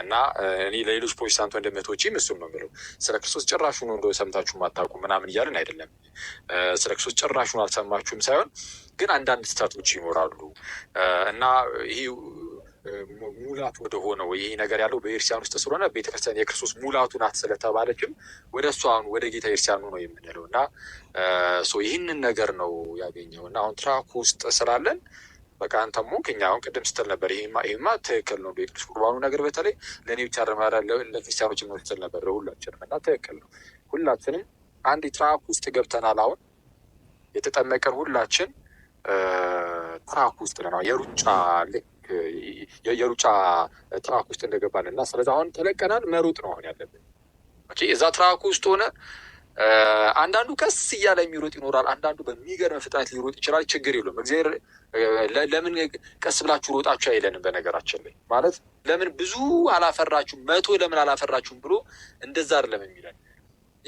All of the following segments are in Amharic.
እና እኔ ለሌሎች ፕሮቴስታንት ወንድምህቶቼም ምስሉ ነው የሚለው ስለ ክርስቶስ ጭራሹን እንደ ሰምታችሁ ማታውቁ ምናምን እያልን አይደለም። ስለ ክርስቶስ ጭራሹን አልሰማችሁም ሳይሆን ግን አንዳንድ ስታቶች ይኖራሉ እና ይሄ ሙላት ወደ ሆነው ይሄ ነገር ያለው በኤርሲያን ውስጥ ስለሆነ ቤተክርስቲያን የክርስቶስ ሙላቱ ናት ስለተባለችም ወደ እሷ ወደ ጌታ ኤርሲያኑ ነው የምንለው እና ይህንን ነገር ነው ያገኘው እና አሁን ትራክ ውስጥ ስላለን በቃ አንተ ሞክኛ አሁን ቅድም ስትል ነበር። ይህማ ትክክል ነው። የቅዱስ ቁርባኑ ነገር በተለይ ለእኔ ብቻ ረማዳ ለክርስቲያኖች ነው ስትል ነበር፣ ሁላችንም እና ትክክል ነው። ሁላችንም አንድ ትራክ ውስጥ ገብተናል። አሁን የተጠመቀን ሁላችን ትራክ ውስጥ ነው የሩጫ የሩጫ ትራክ ውስጥ እንደገባን እና ስለዚ አሁን ተለቀናል። መሮጥ ነው አሁን ያለብን እዛ ትራክ ውስጥ ሆነ አንዳንዱ ቀስ እያለ የሚሮጥ ይኖራል። አንዳንዱ በሚገርም ፍጥነት ሊሮጥ ይችላል። ችግር የለውም። እግዚአብሔር ለምን ቀስ ብላችሁ ሮጣችሁ አይለንም። በነገራችን ላይ ማለት ለምን ብዙ አላፈራችሁም፣ መቶ ለምን አላፈራችሁም ብሎ እንደዛ አይደለም የሚለን።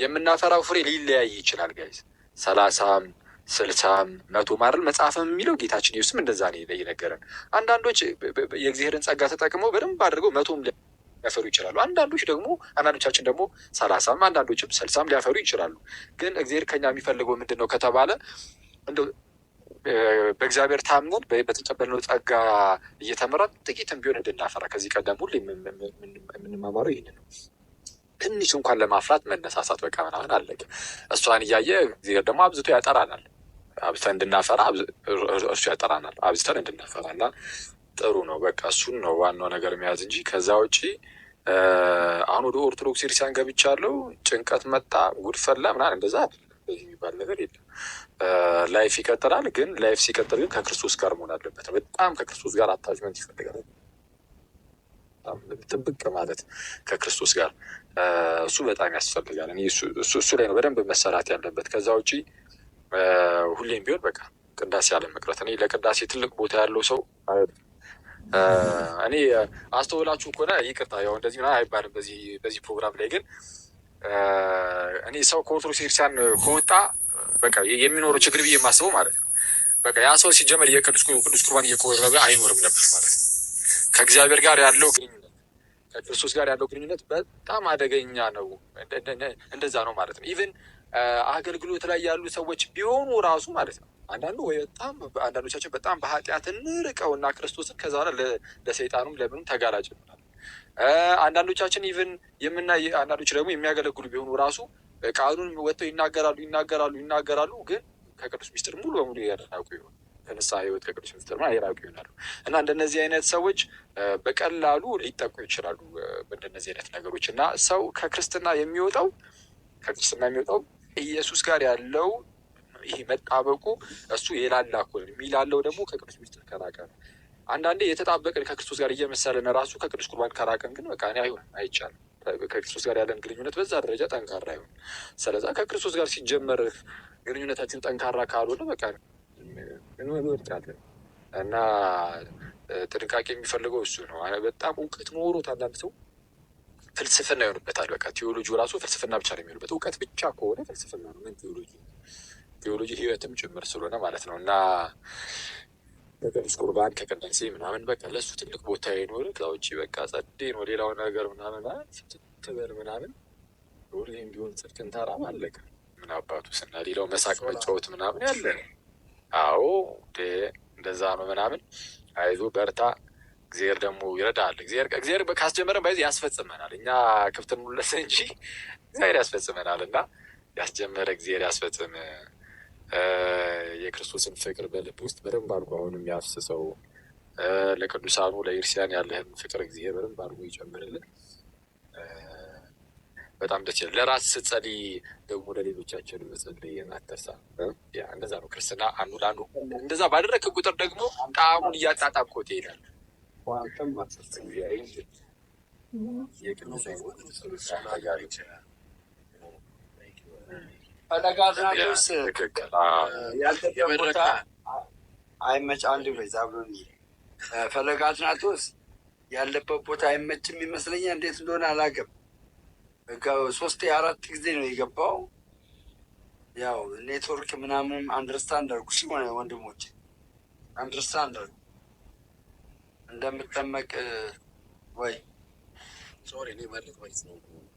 የምናፈራው ፍሬ ሊለያይ ይችላል። ጋይዝ ሰላሳም ስልሳም መቶ ማረል መጽሐፍም የሚለው ጌታችን ኢየሱስም እንደዛ ነው የነገረን። አንዳንዶች የእግዚአብሔርን ጸጋ ተጠቅመው በደንብ አድርገው መቶም ሊያ ሊያፈሩ ይችላሉ። አንዳንዶች ደግሞ አንዳንዶቻችን ደግሞ ሰላሳም አንዳንዶችም ስልሳም ሊያፈሩ ይችላሉ። ግን እግዚአብሔር ከኛ የሚፈልገው ምንድን ነው ከተባለ በእግዚአብሔር ታምነን በተጨበልነው ጸጋ እየተመራን ጥቂትም ቢሆን እንድናፈራ ከዚህ ቀደም ሁሉ የምንማማረው ይህን ነው። ትንሽ እንኳን ለማፍራት መነሳሳት በቃ ምናምን አለቀ። እሷን እያየ እግዚአብሔር ደግሞ አብዝቶ ያጠራናል። አብዝተን እንድናፈራ እርሱ ያጠራናል። አብዝተን እንድናፈራና ጥሩ ነው። በቃ እሱን ነው ዋናው ነገር መያዝ እንጂ ከዛ ውጪ አሁን ወደ ኦርቶዶክስ ገብቻ ገብቻለሁ ጭንቀት መጣ ፈላ ምናምን እንደዛ የሚባል ነገር የለም። ላይፍ ይቀጥላል። ግን ላይፍ ሲቀጥል ግን ከክርስቶስ ጋር መሆን አለበት በጣም ከክርስቶስ ጋር አታችመንት ይፈልጋል። ጥብቅ ማለት ከክርስቶስ ጋር እሱ በጣም ያስፈልጋል። እሱ ላይ ነው በደንብ መሰራት ያለበት። ከዛ ውጪ ሁሌም ቢሆን በቃ ቅዳሴ አለመቅረት። እኔ ለቅዳሴ ትልቅ ቦታ ያለው ሰው እኔ አስተውላችሁ ከሆነ ይቅርታ ያው እንደዚህ ምናምን አይባልም። በዚህ በዚህ ፕሮግራም ላይ ግን እኔ ሰው ከኦርቶዶክስ ክርስቲያን ከወጣ በቃ የሚኖረው ችግር ብዬ የማስበው ማለት ነው። በቃ ያ ሰው ሲጀመር የቅዱስ ቅዱስ ቁርባን እየቆረበ አይኖርም ነበር ማለት ነው። ከእግዚአብሔር ጋር ያለው ከክርስቶስ ጋር ያለው ግንኙነት በጣም አደገኛ ነው። እንደዛ ነው ማለት ነው። ኢቨን አገልግሎት ላይ ያሉ ሰዎች ቢሆኑ ራሱ ማለት ነው አንዳንዱ ወይ በጣም አንዳንዶቻችን በጣም በኃጢአት እንርቀው እና ክርስቶስን ከዛ በኋላ ለሰይጣኑም ለምንም ተጋላጭ ይሆናል። አንዳንዶቻችን ኢቨን የምና አንዳንዶች ደግሞ የሚያገለግሉ ቢሆኑ ራሱ ቃሉን ወጥተው ይናገራሉ ይናገራሉ ይናገራሉ፣ ግን ከቅዱስ ሚስጥር ሙሉ በሙሉ ያደናቁ ይሆናል። ከንስሐ ህይወት ከቅዱስ ምስጢር የራቁ ይሆናሉ እና እንደነዚህ አይነት ሰዎች በቀላሉ ሊጠቁ ይችላሉ በእንደነዚህ አይነት ነገሮች እና ሰው ከክርስትና የሚወጣው ከክርስትና የሚወጣው ኢየሱስ ጋር ያለው ይሄ መጣበቁ እሱ የላላ እኮ የሚላለው ደግሞ ከቅዱስ ምስጢር ከራቀ ነው። አንዳንዴ የተጣበቅን ከክርስቶስ ጋር እየመሰለን ራሱ ከቅዱስ ቁርባን ከራቀን ግን በቃ እኔ አይሆንም አይቻልም። ከክርስቶስ ጋር ያለን ግንኙነት በዛ ደረጃ ጠንካራ ይሆን። ስለዛ ከክርስቶስ ጋር ሲጀመር ግንኙነታችን ጠንካራ ካልሆነ በቃ እንወድቃለን እና ጥንቃቄ የሚፈልገው እሱ ነው። በጣም እውቀት ኖሮት አንዳንድ ሰው ፍልስፍና ይሆንበታል። በቃ ቴዎሎጂ ራሱ ፍልስፍና ብቻ ነው የሚሆንበት። እውቀት ብቻ ከሆነ ፍልስፍና ነው። ምን ቴዎሎጂ ቴዎሎጂ ህይወትም ጭምር ስለሆነ ማለት ነው እና በቅዱስ ቁርባን ከቅዳሴ ምናምን በቃ ለእሱ ትልቅ ቦታ ይኖር ላውጭ በቃ ጸዴ ነው ሌላው ነገር ምናምን ትበር ምናምን ሁሌም ቢሆን ጽድቅን ታራም አለቀ ምን አባቱ ስና ሌላው መሳቅ መጫወት ምናምን ያለ ነው። አዎ እንደዛ ነው ምናምን፣ አይዞ በርታ፣ እግዚአብሔር ደግሞ ይረዳል። እግዚአብሔር ካስጀመረን ባይዘ ያስፈጽመናል። እኛ ክፍትን እንለስ እንጂ እግዚአብሔር ያስፈጽመናል እና ያስጀመረ እግዚአብሔር ያስፈጽም። የክርስቶስን ፍቅር በልብ ውስጥ በደንብ አድርጎ አሁንም ያፍስሰው። ለቅዱሳኑ ለኢርሲያን ያለህን ፍቅር እግዚአብሔር በደንብ አድርጎ ይጨምርልን። በጣም ደስ ይላል። ለራስ ስትጸልይ ደግሞ ለሌሎቻቸው መጸልይ አትርሳ። እንደዛ ነው ክርስትና። አንዱ ለአንዱ እንደዛ ባደረክ ቁጥር ደግሞ ጣዕሙን እያጣጣምከው ትሄዳል። ፈለጋቶስ ፈለጋትናቶስ ያለበት ቦታ አይመችም ይመስለኛል። እንዴት እንደሆነ አላገም ሶስት የአራት ጊዜ ነው የገባው። ያው ኔትወርክ ምናምን አንደርስታንድ አርጉ ሲሆነ ወንድሞች አንደርስታንድ አርጉ እንደምጠመቅ ወይ ሶሪ እኔ ማለት ነው